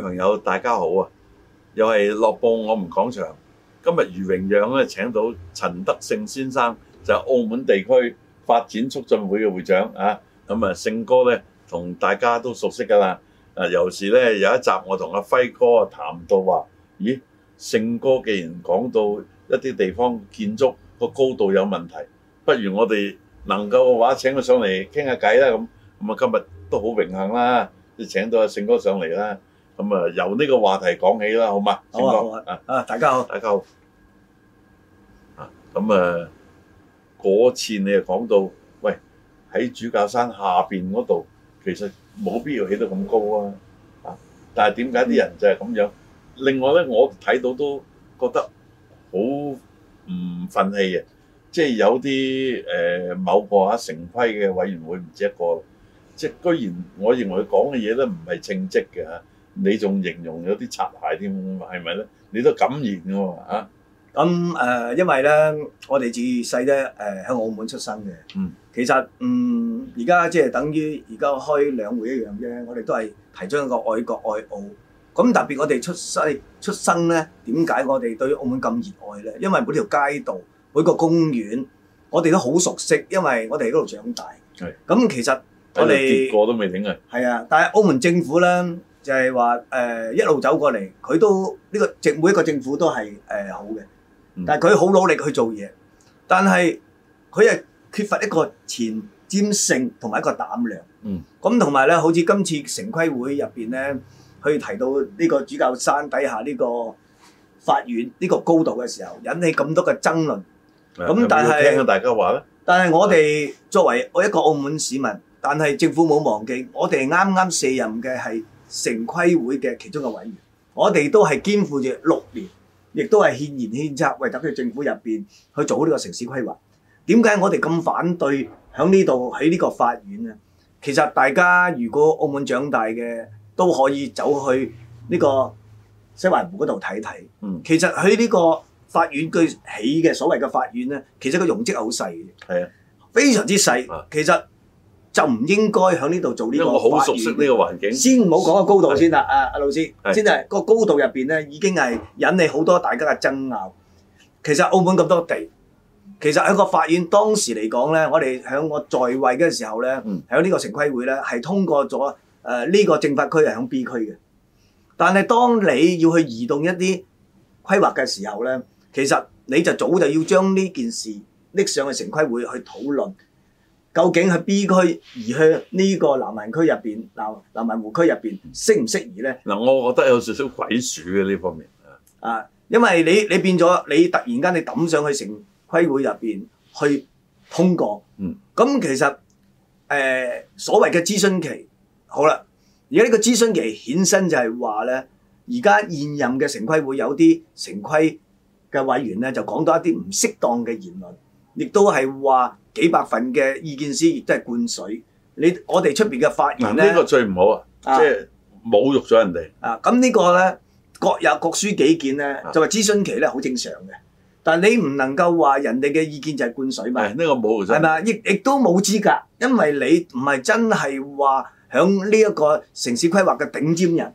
朋友大家好啊！又係樂報我們講場。今日余榮養余榮陽咧請到陳德勝先生，就係、是、澳門地區發展促進會嘅會長啊。咁啊，勝哥咧同大家都熟悉㗎啦。啊，有時咧有一集我同阿輝哥啊談到話，咦，勝哥既然講到一啲地方建築個高度有問題，不如我哋能夠嘅話請佢上嚟傾下偈啦。咁、啊、咁啊，今日都好榮幸啦，請到阿勝哥上嚟啦。咁啊，由呢個話題講起啦，好嘛？好啊，好啊！啊啊，大家好，大家好！啊，咁啊，嗰次你又講到，喂，喺主教山下邊嗰度，其實冇必要起得咁高啊！啊，但係點解啲人就係咁樣？另外咧，我睇到都覺得好唔憤氣嘅，即係有啲誒某個啊城規嘅委員會唔知一個，即係居然，我認為佢講嘅嘢都唔係稱職嘅嚇。你仲形容有啲擦鞋添，係咪咧？你都敢言喎咁、啊呃、因為咧，我哋自細咧喺澳門出生嘅，嗯、其實嗯，而家即係等於而家開兩會一樣啫。我哋都係提倡一個愛國愛澳。咁特別，我哋出世出生咧，點解我哋對澳門咁熱愛咧？因為每條街道、每個公園，我哋都好熟悉，因為我哋嗰度長大。咁的其實我哋結果都未整嘅。係啊，但係澳門政府咧。就係話誒一路走過嚟，佢都呢、這個政每一個政府都係誒、呃、好嘅，但係佢好努力去做嘢，但係佢係缺乏一個前瞻性同埋一個膽量。嗯，咁同埋咧，好似今次城規會入邊咧，去提到呢個主教山底下呢個法院呢、這個高度嘅時候，引起咁多嘅爭論。咁但係聽到大家話咧，但係我哋作為我一個澳門市民，但係政府冇忘記，我哋啱啱卸任嘅係。城規會嘅其中嘅委員，我哋都係肩負住六年，亦都係獻言獻策，為特區政府入邊去做呢個城市規劃。點解我哋咁反對喺呢度喺呢個法院啊？其實大家如果澳門長大嘅，都可以走去呢個西灣湖嗰度睇一睇。嗯，其實喺呢個法院佢起嘅所謂嘅法院咧，其實個容積好細嘅，係啊，非常之細。其實。就唔應該喺呢度做呢個法院。好熟悉呢個環境。先唔好講個高度先啦，阿阿老師，的先係、個高度入邊咧，已經係引起好多大家嘅爭拗。其實澳門咁多地，其實喺個法院當時嚟講咧，我哋喺我在位嘅時候咧，喺呢個城規會咧係通過咗誒呢個政法區係喺 B 區嘅。但係當你要去移動一啲規劃嘅時候咧，其實你就早就要將呢件事搦上去城規會去討論。究竟喺 B 區移去呢個南灣區入邊，嗱南灣湖區入邊適唔適宜咧？嗱，我覺得有少少鬼鼠嘅呢方面啊，因為你你變咗，你突然間你抌上去城規會入邊去通過，嗯，咁其實誒、呃、所謂嘅諮詢期好啦，而家呢個諮詢期衍生就係話咧，而家現任嘅城規會有啲城規嘅委員咧，就講到一啲唔適當嘅言論，亦都係話，幾百份嘅意見書亦都係灌水，你我哋出邊嘅發言呢、嗯呢個最唔好啊，即係侮辱咗人哋。啊，咁呢個咧，各有各抒己見咧，就係、話、諮詢期咧好、啊、正常嘅，但係你唔能夠話人哋嘅意見就係灌水嘛。係呢、嗯呢個冇，係咪？亦亦都冇資格，因為你唔係真係話響呢一個城市規劃嘅頂尖人，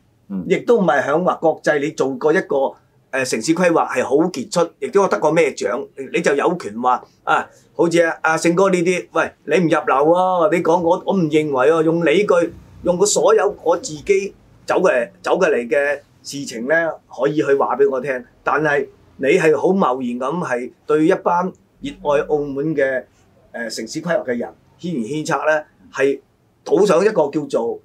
亦都唔係響話國際你做過一個。誒、呃、城市規劃係好傑出，亦都我得過咩獎你，你就有權話啊，好似阿阿勝哥呢啲，喂，你唔入流喎、啊，你講我我唔認為喎、啊，用你句，用個所有我自己走嘅走嘅嚟嘅事情咧，可以去話俾我聽，但係你係好貿然咁係對一班熱愛澳門嘅誒、呃、城市規劃嘅人，獻言獻策咧，係賭上一個叫做誒、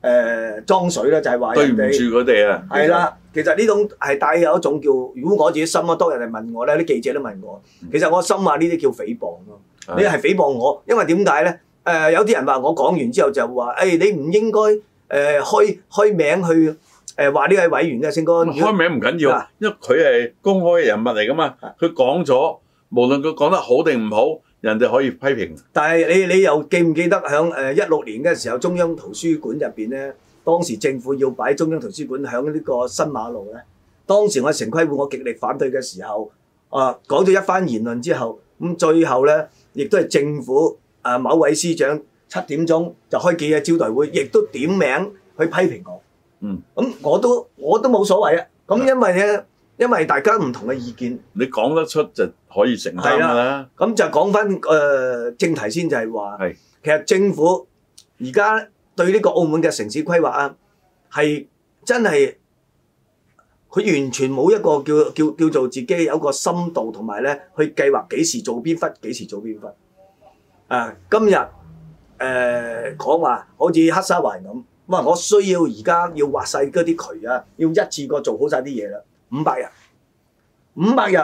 呃、裝水咧，就係、是、話對唔住佢哋啊，啦。其實呢種係帶有一種叫，如果我自己心啊，多人嚟問我咧，啲記者都問我，其實我心話呢啲叫誹謗咯。嗯、你係誹謗我，因為點解咧？誒、呃、有啲人話我講完之後就話，誒、哎、你唔應該誒、呃、開開名去誒話呢位委員嘅，勝哥開名唔緊要、啊、因為佢係公開嘅人物嚟噶嘛，佢講咗，無論佢講得好定唔好，人哋可以批評。但係你你又記唔記得響誒一六年嘅時候，中央圖書館入邊咧？當時政府要擺中央圖書館喺呢個新馬路咧，當時我喺城規會我極力反對嘅時候，啊講咗一番言論之後，咁最後咧亦都係政府啊某位司長七點鐘就開幾日招待會，亦都點名去批評我。嗯，嗯，咁我都我都冇所謂啊。咁、嗯、因為咧，因為大家唔同嘅意見，你講得出就可以承擔啦、啊。咁就講返誒正題先就，就係話，其實政府而家。對呢個澳門嘅城市規劃啊，係真係佢完全冇一個叫叫叫做自己有一個深度同埋咧，去計劃幾時做邊忽，幾時做邊忽，啊今日誒、呃、講話好似黑沙環咁，哇！我需要而家要挖晒嗰啲渠啊，要一次過做好晒啲嘢啦，五百日，五百日，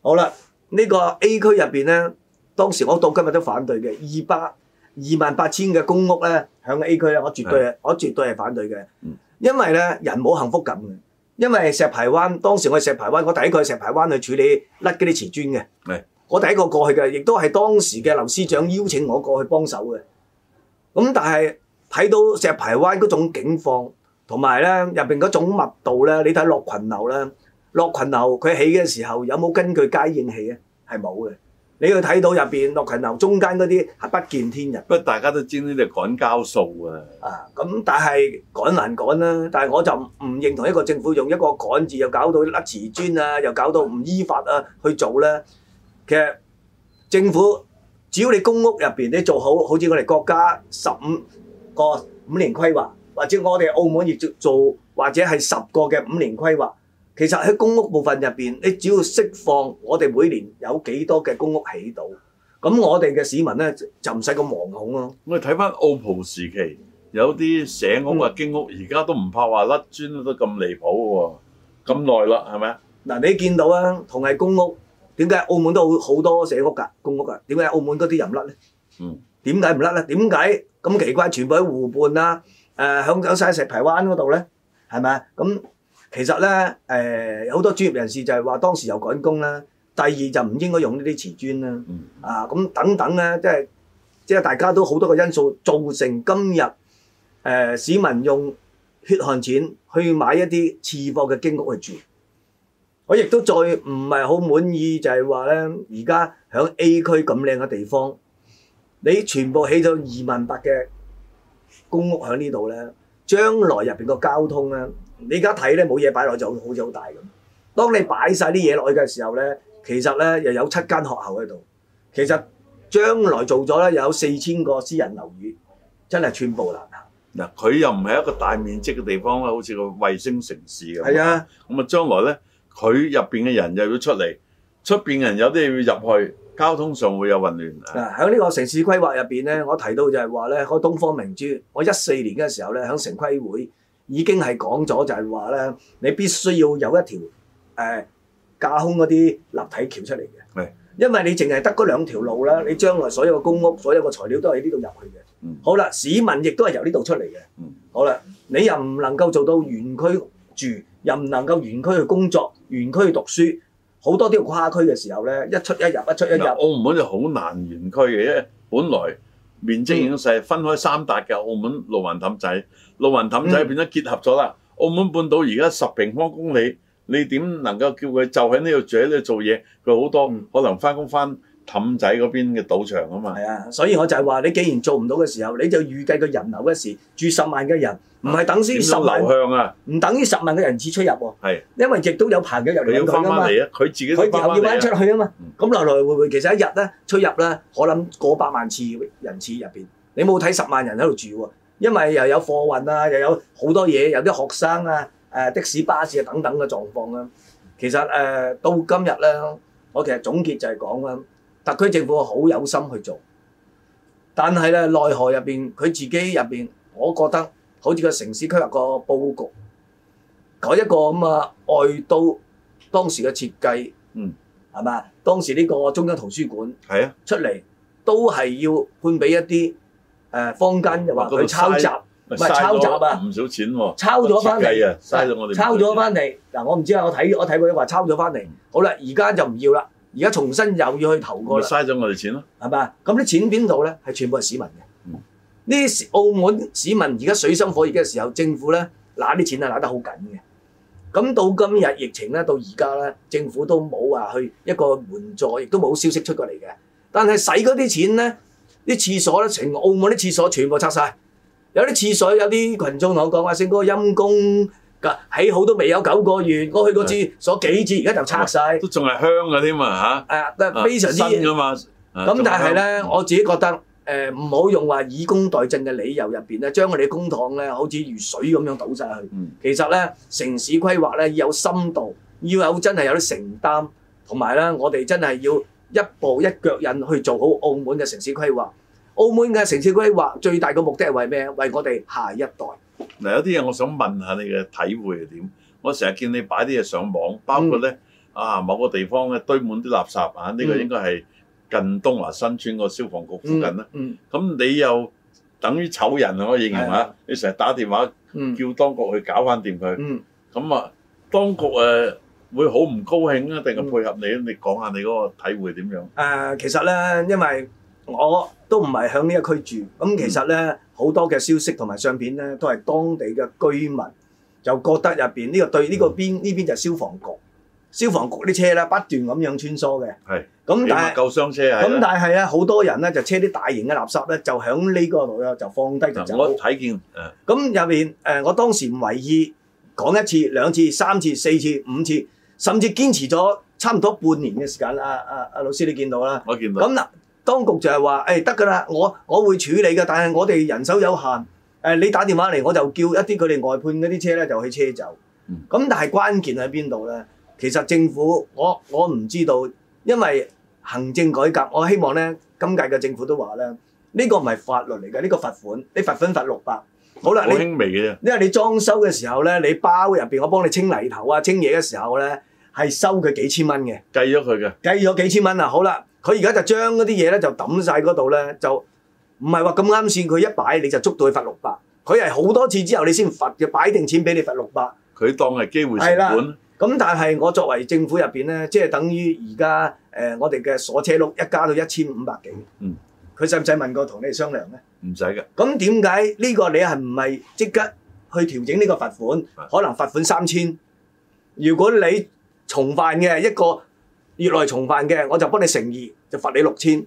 好啦，呢、呢個 A 區入邊咧，當時我到今日都反對嘅二百。二萬八千嘅公屋咧，響 A 區咧，我絕對係是的 我絕對係反對嘅，嗯、因為咧人冇幸福感嘅。因為石排灣當時我石排灣，我第一個去石排灣去處理甩嗰啲瓷磚嘅，是的 我第一個過去嘅，亦都係當時嘅劉司長邀請我過去幫手嘅。咁但係睇到石排灣嗰種境況，同埋咧入邊嗰種密度咧，你睇落群樓咧，落群樓佢起嘅時候有冇根據街應起咧？係冇嘅。你去睇到入面落群樓中間嗰啲係不見天日。不過大家都知呢啲係趕交數啊。啊，咁但係趕難趕啦，但係我就唔認同一個政府用一個趕字又搞到甩瓷磚啊，又搞到唔依法啊去做咧。其實政府只要你公屋入面你做好，好似我哋國家十五個五年規劃，或者我哋澳門亦做做，或者係十個嘅五年規劃。其實喺公屋部分入邊，你只要釋放我哋每年有幾多嘅公屋起到，咁我哋嘅市民咧就唔使咁惶恐咯、啊。我哋睇翻澳葡時期有啲社屋啊經屋，而家、嗯、都唔怕話甩磚都咁離譜喎，咁耐啦，係咪啊？嗱，你見到啊，同係公屋，點解澳門都好多社屋㗎，公屋㗎？點解澳門嗰啲人唔甩咧？嗯，點解唔甩咧？點解咁奇怪？全部喺湖畔啦，誒，響嗰個西石排灣嗰度咧，係咪啊？咁、呃。其實咧，誒、呃、好多專業人士就係話當時有趕工啦。第二就唔應該用呢啲瓷磚啦。嗯、啊，咁等等咧，即係即係大家都好多個因素造成今日誒、呃、市民用血汗錢去買一啲次貨嘅經屋去住。我亦都再唔係好滿意就，就係話咧，而家響 A 區咁靚嘅地方，你全部起咗二萬八嘅公屋喺呢度咧，將來入面個交通咧？你而家睇咧冇嘢擺落就好似好大咁。當你擺晒啲嘢落去嘅時候咧，其實咧又有七間學校喺度。其實將來做咗咧，有四千個私人樓宇，真係寸步難行。嗱，佢又唔係一個大面積嘅地方，好似個衛星城市咁。係啊，咁啊將來咧，佢入面嘅人又要出嚟，出面人有啲要入去，交通上會有混亂。嗱，喺呢個城市規劃入面咧，我提到就係話咧，嗰個東方明珠，我一四年嘅時候咧，喺城規會。已經係講咗就係話咧，你必須要有一條誒、呃、架空嗰啲立體橋出嚟嘅，因為你淨係得嗰兩條路啦。你將來所有嘅公屋、所有嘅材料都喺呢度入去嘅。好啦，市民亦都係由呢度出嚟嘅。好啦，你又唔能夠做到園區住，又唔能夠園區去工作、園區去讀書，好多啲跨區嘅時候咧，一出一入，一出一入，澳門就好難園區嘅，是本來。面積已經細，分開三笪嘅澳門路環氹仔，路環氹仔變咗結合咗啦。嗯、澳門半島而家十平方公里，你點能夠叫佢就喺呢度住喺呢度做嘢？佢好多可能返工返氹仔嗰邊嘅賭場啊嘛，係啊，所以我就係話你，既然做唔到嘅時候，你就預計個人流嘅時住十萬嘅人，唔係、啊、等於十流向啊，唔等於十萬嘅人次出入喎、啊，係、啊，因為亦都有排嘅入嚟嘅嘛，佢要翻翻嚟啊，佢自己、啊、要翻翻嚟佢又要翻出去啊嘛，咁、嗯、來來回回其實一日咧出入咧，可能過百萬次人次入邊，你冇睇十萬人喺度住喎、啊，因為又有貨運啊，又有好多嘢，有啲學生啊，誒、呃、的士巴士啊等等嘅狀況啊，嗯、其實誒、呃、到今日咧，我其實總結就係講啦。特區政府好有心去做，但係咧內河入邊佢自己入邊，我覺得好似個城市規劃個佈局，嗰一個咁啊外都當時嘅設計，嗯，係嘛？當時呢個中央圖書館係啊出嚟都係要判俾一啲誒坊間就話佢抄襲，唔係抄襲啊唔少錢喎，抄咗翻嚟，抄咗翻嚟嗱我唔知啊，我睇、啊、我睇過啲話抄咗翻嚟，嗯、好啦，而家就唔要啦。而家重新又要去投過啦，嘥咗我哋錢咯，係嘛？咁啲錢邊度咧？係全部係市民嘅。呢啲澳門市民而家水深火熱嘅時候，政府咧拿啲錢啊拿得好緊嘅。咁到今日疫情咧，到而家咧，政府都冇話去一個援助，亦都冇消息出過嚟嘅。但係使嗰啲錢咧，啲廁所咧，成澳門啲廁所全部拆晒。有啲廁所有啲群眾同我講話先，哥陰公。起好都未有九個月，我去過次，所幾次而家就拆晒，都仲係香㗎添啊嚇！誒、啊，非常之新㗎嘛。咁、啊、但係咧，香我自己覺得誒，唔、呃、好用話以工代政嘅理由入面，咧，將我哋公帑咧，好似如水咁樣倒晒去。嗯、其實咧，城市規劃咧要有深度，要有真係有啲承擔，同埋咧，我哋真係要一步一腳印去做好澳門嘅城市規劃。澳門嘅城市規劃最大嘅目的係為咩？為我哋下一代。嗱，有啲嘢我想問下你嘅體會係點？我成日見你擺啲嘢上網，包括咧、嗯、啊，某個地方咧堆滿啲垃圾啊，呢、呢個應該係近東華新村個消防局附近啦。咁、嗯嗯、你又等於醜人，我認為嚇，是的你成日打電話叫當局去搞翻掂佢。咁啊、嗯嗯嗯，當局誒會好唔高興啊，定係配合你？嗯、你講下你嗰個體會點樣、呃？其實咧，因為我都唔係響呢一區住，咁、嗯嗯、其實咧。好多嘅消息同埋相片咧，都係當地嘅居民就覺得入邊呢個對呢、這個邊呢邊就消防局，消防局啲車咧不斷咁樣穿梭嘅。係是，咁但係是，咁但係啊，好多人咧就車啲大型嘅垃圾咧，就響呢個度咧就放低就走。我睇見，咁入邊誒，我當時唔為意講一次、兩次、三次、四次、五次，甚至堅持咗差唔多半年嘅時間。阿阿阿老師，你見到啦？我見到。咁嗱。當局就係話，誒得㗎啦，我我會處理㗎。但係我哋人手有限，誒、呃、你打電話嚟，我就叫一啲佢哋外判嗰啲車咧，就去車走。咁、嗯、但係關鍵喺邊度咧？其實政府，我我唔知道，因為行政改革，我希望咧，今屆嘅政府都話咧，呢個唔係法律嚟㗎，呢個罰款，你罰款罰六百。好啦，你輕微嘅啫。因為你裝修嘅時候咧，你包入邊，我幫你清泥頭啊、清嘢嘅時候咧，係收佢幾千蚊嘅，計咗佢嘅，計咗幾千蚊啊！好啦。佢而家就將嗰啲嘢咧就抌晒嗰度咧，就唔係話咁啱先。佢一擺你就捉到佢罰六百。佢係好多次之後你先罰，擺定錢俾你罰六百。佢當係機會成本。咁但係我作為政府入面咧，即係等於而家誒我哋嘅鎖車轆一加到一千五百幾。嗯。佢使唔使問過同你哋商量咧？唔使嘅。咁點解呢個你係唔係即刻去調整呢個罰款？可能罰款三千。如果你重犯嘅一個。越來重犯嘅，我就幫你乘二，就罰你六千。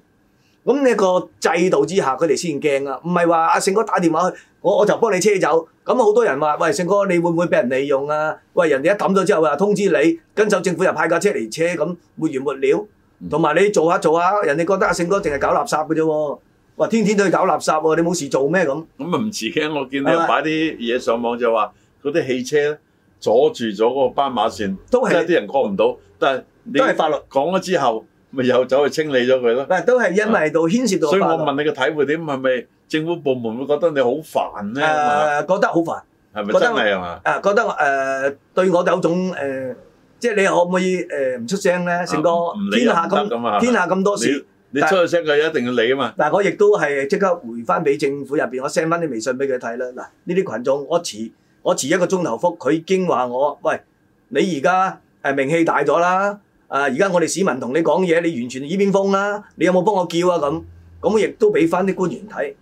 咁呢個制度之下，佢哋先驚啊。唔係話阿勝哥打電話去，我我就幫你車走。咁好多人話：喂，勝哥，你會唔會俾人利用啊？喂，人哋一抌咗之後話通知你，跟手政府又派架車嚟車，咁沒完沒了。同埋、嗯、你做下做下，人哋覺得阿勝哥淨係搞垃圾嘅啫喎。話天天都去搞垃圾喎，你冇事做咩咁？咁啊唔遲驚，我見你擺啲嘢上網就話嗰啲汽車，阻住咗嗰個斑馬線，都係是啲人過唔到，但係都係法律講咗之後，咪又走去清理咗佢咯。嗱，都係因為到牽涉到，牽涉到、啊，所以我問你個體會點，係咪政府部門會覺得你好煩咧？誒、啊，覺得好煩，係咪不得真係啊？誒，覺得誒、呃、對我有種誒、呃，即係你可唔可以誒唔、呃、出聲咧，成哥？天下咁、啊、天下咁多事你，你出咗聲，佢一定要理啊嘛。但係我亦都係即刻回翻俾政府入邊，我 send 翻啲微信俾佢睇啦。嗱，呢啲群眾，我辭。我遲一個鐘頭覆，佢已經話我：喂，你而家誒名氣大咗啦，啊、呃！而家我哋市民同你講嘢，你完全耳邊風啦。你有冇幫我叫啊？咁咁亦都俾翻啲官員睇。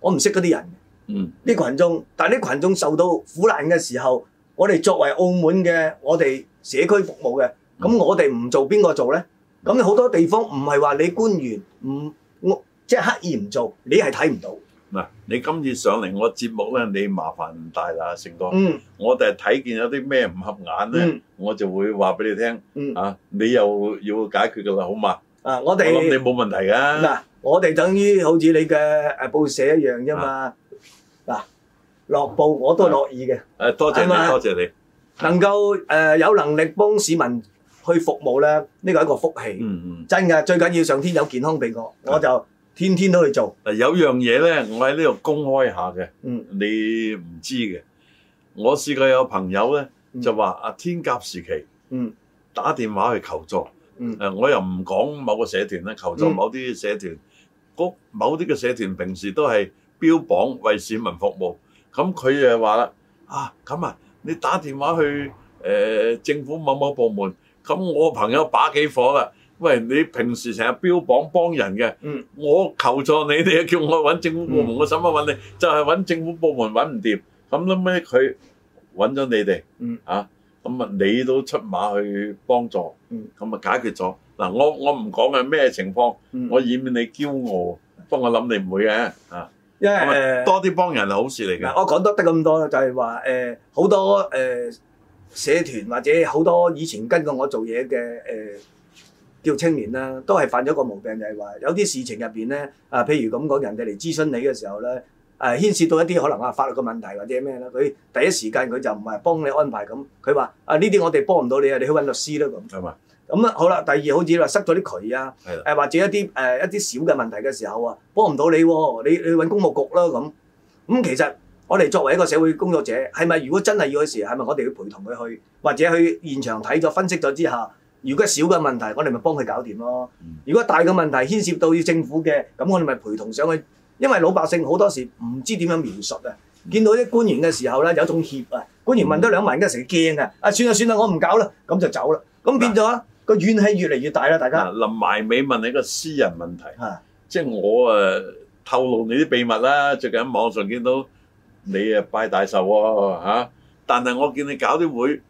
我唔識嗰啲人，嗯，啲群眾，但係啲群眾受到苦難嘅時候，我哋作為澳門嘅我哋社區服務嘅，咁、嗯、我哋唔做邊個做咧？咁好多地方唔係話你官員唔我即係刻意唔做，你係睇唔到。嗱，你今次上嚟我節目咧，你麻煩大啦，成哥。嗯。我哋係睇見有啲咩唔合眼咧，我就會話俾你聽。嗯。啊，你又要解決噶啦，好嘛？啊，我哋我諗你冇問題㗎。嗱，我哋等於好似你嘅報社一樣啫嘛。嗱，落報我都樂意嘅。誒，多謝多謝你，能夠誒有能力幫市民去服務咧，呢個係一個福氣。嗯嗯。真㗎，最緊要上天有健康俾我，我就。天天都去做。嗱，有樣嘢咧，我喺呢度公開下嘅，嗯、你唔知嘅。我試過有朋友咧就話：，啊、嗯、天甲時期，嗯、打電話去求助，誒、嗯，我又唔講某個社團咧，求助某啲社團，個、嗯、某啲嘅社團平時都係標榜為市民服務，咁佢又話啦：，啊，咁啊，你打電話去誒、呃、政府某某部門，咁我朋友把幾火啦！喂！你平時成日標榜幫人嘅，嗯、我求助你哋，叫我揾政府部門，嗯、我使乜揾你？就係、是、揾政府部門揾唔掂，咁咧咩佢揾咗你哋、嗯、啊？咁啊，你都出馬去幫助，咁啊、嗯、解決咗嗱。我我唔講係咩情況，嗯、我以免你驕傲，不過我諗你唔會嘅啊，因為多啲幫人係好事嚟嘅、呃。我講得得咁多就係話誒，好、呃、多誒、呃、社團或者好多以前跟過我做嘢嘅誒。呃叫青年啦，都係犯咗個毛病，就係話有啲事情入邊咧，啊，譬如咁講，人哋嚟諮詢你嘅時候咧，誒牽涉到一啲可能啊法律嘅問題或者咩咧，佢第一時間佢就唔係幫你安排咁，佢話啊呢啲我哋幫唔到你啊，你去揾律師啦咁。係嘛？咁啊好啦，第二好似話塞咗啲渠啊，誒或者一啲誒一啲小嘅問題嘅時候啊，幫唔到你喎，你你揾公務局啦咁。咁其實我哋作為一個社會工作者，係咪如果真係要時係咪我哋要陪同佢去，或者去現場睇咗分析咗之下？如果小嘅問題，我哋咪幫佢搞掂咯。如果大嘅問題牽涉到要政府嘅，咁我哋咪陪同上去。因為老百姓好多時唔知點樣描述啊，嗯、見到啲官員嘅時候咧，有一種怯啊。官員問多兩問，而家成日驚啊！啊，算啦算啦，我唔搞啦，咁就走啦。咁變咗、啊、個怨氣越嚟越大啦，大家。臨、啊、埋尾問你一個私人問題，啊、即係我啊透露你啲秘密啦、啊。最近喺網上見到你啊，拜大壽喎、啊啊、但係我見你搞啲會。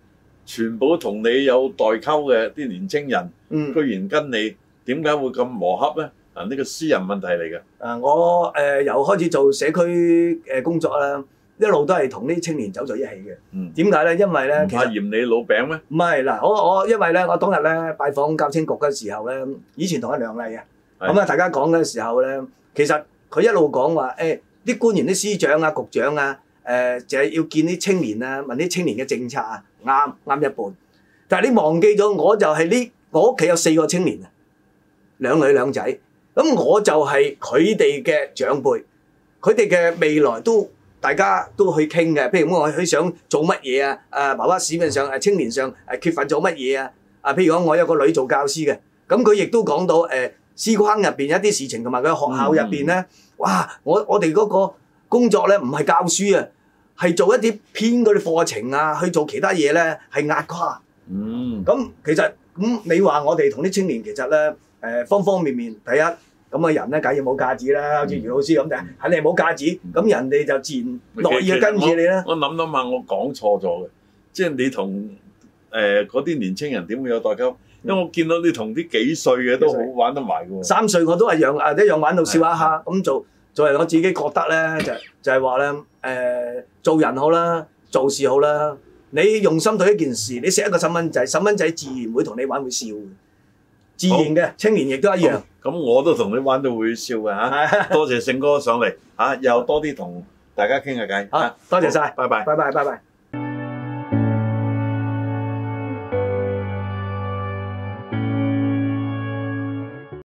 全部都同你有代溝嘅啲年青人，居然跟你點解、嗯、會咁磨洽咧？啊，呢個私人問題嚟嘅。啊，我誒由開始做社區誒工作啦，一路都係同啲青年走在一起嘅。點解咧？因為咧，其實嫌你老餅咩？唔係嗱，我我因為咧，我當日咧拜訪教青局嘅時候咧，以前同阿梁麗啊，咁啊的大家講嘅時候咧，其實佢一路講話誒，啲、哎、官員啲司長啊、局長啊。誒、呃，就係、是、要見啲青年啊，問啲青年嘅政策啊，啱啱一半。但係你忘記咗，我就係呢，我屋企有四個青年啊，兩女兩仔，咁我就係佢哋嘅長輩，佢哋嘅未來都大家都去傾嘅。譬如咁，我去想做乜嘢啊？誒，爸爸市面上青年上、啊、缺乏咗乜嘢啊？啊，譬如講，我有個女做教師嘅，咁佢亦都講到誒，私框入面一啲事情同埋佢學校入面咧，嗯、哇！我我哋嗰、那個。工作咧唔係教書啊，係做一啲編嗰啲課程啊，去做其他嘢咧係壓垮。嗯，咁其實咁你話我哋同啲青年其實咧誒方方面面，第一咁嘅人咧梗係冇架子啦，好似余老師咁就係你冇架子，咁、嗯、人哋就自然樂意跟住你啦。我諗諗下，我講錯咗嘅，即係你同誒嗰啲年青人點會有代溝？嗯、因為我見到你同啲幾歲嘅都好玩得埋嘅喎。三歲我都係樣啊一樣玩到笑下下咁做。作為我自己覺得咧，就係、就係話咧，誒、呃、做人好啦，做事好啦，你用心對一件事，你錫一個細蚊仔，細蚊仔自然會同你玩，會笑嘅，自然嘅。好青年亦都一樣。咁我都同你玩都會笑嘅嚇、 啊，多謝勝哥上嚟嚇，又多啲同大家傾下偈嚇，多謝晒，拜拜，拜拜，拜拜，拜拜。